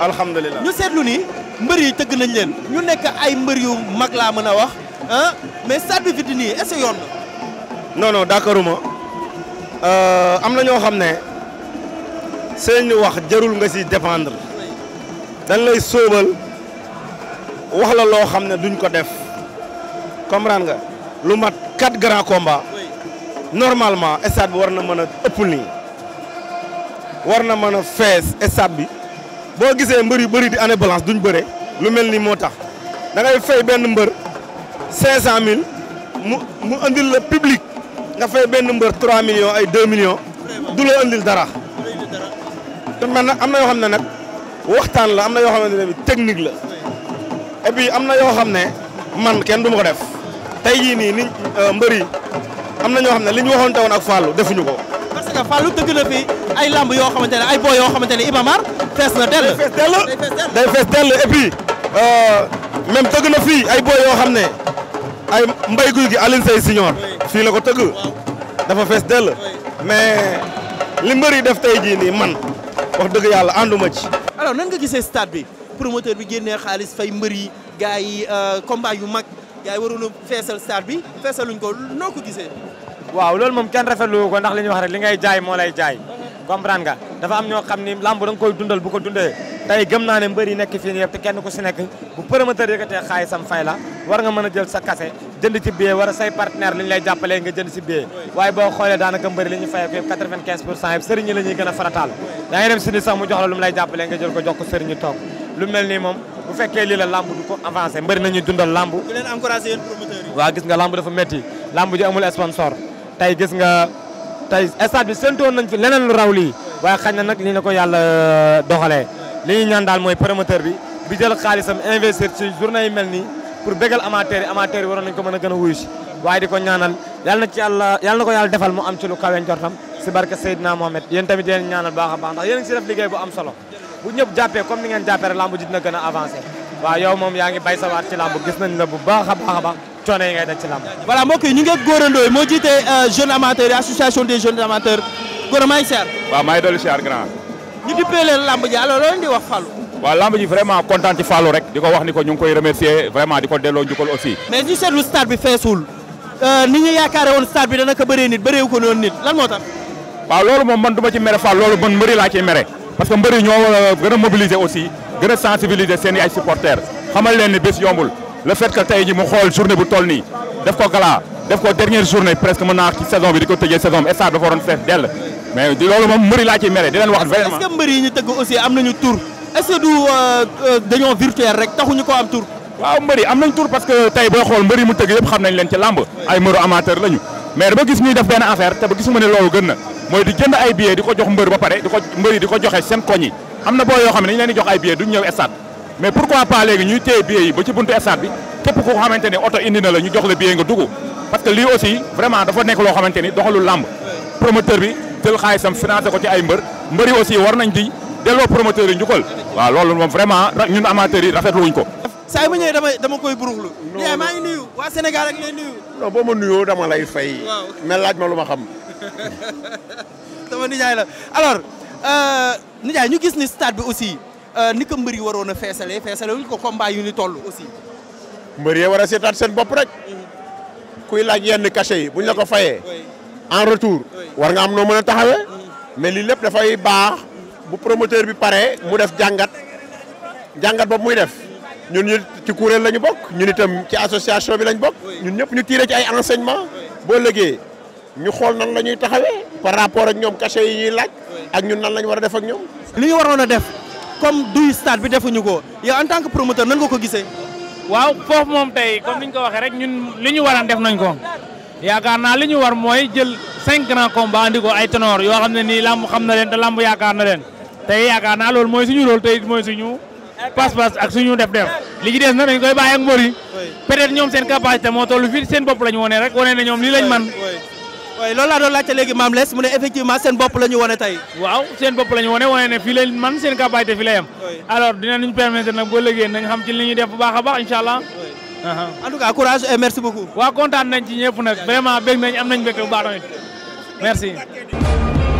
alhamdulilah ñu seetlu ni mbër yi tëgg nañ leen ñu nekk ay mbër yu mag laa mën a wax ah mais stade bi fi nii est-ce que euh, am nañoo xam ne seen wax jarul nga ci dépendre dañ lay sóobal wax la loo xam ne duñ ko def comprendre nga lu mat quatre grands combats normalement stade bi war na mën a ëpp ni war na mën a fees stade bi. boo gisee mbër yu bëri di année balance duñ bëre lu mel ni moo tax da ngay fay benn mbër 500000 mu mu andil la public nga fay benn mbër 3 millions ay 2 millions du la andil dara. te man nag am na yoo xam ne nag waxtaan la am na yoo xamante ne bi technique la et am na yoo xam ne man kenn du ma ko def tey jii nii ni euh, mbër yi am na ñoo xam ne li ñu waxoon teewoon ak Fallou defuñu ko. que Fallou dëgg na fi ay lamb yoo xamante ne ay boy yoo xamante ne Ibamar fees na dell. day fees dell day fees dell et puis euh, même tëgg na fii ay boy yoo xam ne ay mbay guy gi Alioune Seye Signor la ko tëgg dafa fees dell mais li mbër yi def tey jii nii man wax dëgg yàlla ànduma ci. alors nan nga gisee stade bi promoteur bi génnee xaalis fay mbër yi gars yi euh, combat yu mag gars yi waroon a feesal stade bi feesaluñ ko noo ko gisee. waaw loolu moom kenn rafetlu ko ndax li ñuy wax rek li ngay jaay moo lay jaay comprendre nga dafa am ñoo xam ni làmb da nga koy dundal bu ko dundee tey gëm naa ne mbër yi nekk fii nii yëpp si nekk bu promoteur yëkkatee xaalisam fay la nga mën a jël sa kase jënd ci billet wala say partenaire li lay jàppalee nga jënd si billet waaye boo xoolee daanaka mbëri li ñu fayee ko yëpp 95 pour cent gën a farataal yaa ngi dem si ni mu jox la lu mu lay jàppalee nga jël lu mel nii moom bu fekkee lii la lamb du ko avancé mbëri nañuy dundal lamb waaw gis nga lamb dafa métti lamb ji amul sponsor tey gis nga tey stade bi séntoon nañ fi leneen lu raw lii waaye xañ na nag lii la ko yàlla euh, doxalee li ñuy ñaan daal mooy promoteur bi bi jël xaalisam investir ci journée yi mel nii pour bégal amateur yi amateur yi waroon nañ ko mën a gën wuyu si waaye di ko ñaanal yàlla na ci yàlla yàlla na ko yàlla defal mu am ci lu kawe njortam si barke Seydina Mohamed yéen tamit yéen ñaanal baax a baax ndax yéen si def bu am solo bu ñëpp jàppee comme ni ngeen jàppee rek lamb coono yi ngay daj ci lamb voilà moo jiite euh, jeune amateur association des jeunes amateurs Gora maa ngi siyaar waaw maa ngi grand ñu dippee lamb ji alors loolu di wax Fallou waaw lamb ji vraiment kontaan ci Fallou rek di ko wax ni ko ñu ngi koy remercier vraiment di ko delloo njukkal aussi mais ñu seetlu stade bi feesul euh, ni ñu yaakaare woon stade bi dana ko bëree nit bëreewu ko noonu nit lan moo tax waaw loolu moom man du ma ci mere Fallou loolu man mbëri laa ci mere parce que mbëri ñoo euh, gën a mobiliser aussi gën a sensibiliser seen i ay supporters xamal leen ni bés yombul le fait que tey ji mu xool journée bu toll nii def ko gala def ko dernière journée presque mën naa ci saison bi di ko tëjee saison bi stade dafa waroon fees dell mais di loolu moom mbëri laa ciy mere di leen wax vraiment. est-ce que mbëri yi ñu tëgg aussi am nañu tour est-ce du euh, euh, dañoo virtuel rek taxuñu ko am tour waaw mbëri am nañ tour parce que tey boo xool mbëri mu tëgg yëpp xam nañ leen ci làmb ay mbëru amateur lañu mais dama gis ñuy def benn affaire ko jox mbër ba pare di ko mbëri di ko joxe seen koñ yi mais pourquoi pas léegi ñuy téye billet yi ba ci buntu stade bi képp koo xamante ne oto indina la ñu jox la billet nga dugg parce que lii aussi vraiment dafa nekk loo xamante ni doxalu làmb promoteur bi jël xaalisam financé ko ci ay mbër mbëri aussi war nañ di delloo promoteur yi njukkal waaw loolu moom vraiment ñun amateurs yi rafetlu wuñ ko. saa yi ma ñëwee dama dama koy buruxlu. non maa ngi nuyu waa Sénégal ak lay nuyu. non boo ma fay. mais laaj ma lu ma xam. sama nijaay la alors euh, nijaay ñu gis ni stade bi aussi. Euh, ni ko mbër yi waroon a feesale feesale ñu ko combat yu ni toll aussi. mbër yi war a seetaat seen bopp rek. kuy laaj yenn cachet yi bu buñ la ko fayee. en retour. war nga am noo mën a taxawee. Mm. mais lii lépp dafay baax. bu promoteur bi paree mu def jàngat jàngat boobu muy def ñun ñu ci la ñu bokk ñun itam ci association bi lañ bokk ñun ñëpp ñu tiré ci ay enseignement boo lëgee ñu xool nan la ñuy taxawee par rapport ak ñoom cachet yi ñuy laaj ak ñun nan la ñu war a def ak ñoom. li ñu waroon a def. comme du stade bi defuñu ko yow en tant que promoteur nan nga ko gisee. waaw foofu moom tey comme ni ko waxe rek ñun li ñu war a def nañ ko yaakaar naa li ñu war mooy jël cinq grands combats andi ko ay ténor yoo xam ne nii làmb xam na leen te làmb yaakaar na leen tey yaakaar naa loolu mooy suñu rôle tey mooy suñu pas-pas ak suñu def-def li ci des nag dañ koy bàyyi ak mbër yi peut ñoom seen capacité moo toll fii seen bopp lañ wone rek wone ne ñoom waaye loolu laa doon laajte léegi maam les mu ne effectivement seen bopp la ñu wane tey waaw seen bopp la ñu wane wane ne fii la man seen capacité fii la yem alors dinañu permettre nag boo liggéey nañ xam ci li ñuy def bu baax a allah en courage merci beaucoup waaw kontaan nañ ci ñëpp nag vraiment bég nañ am nañ bu baax merci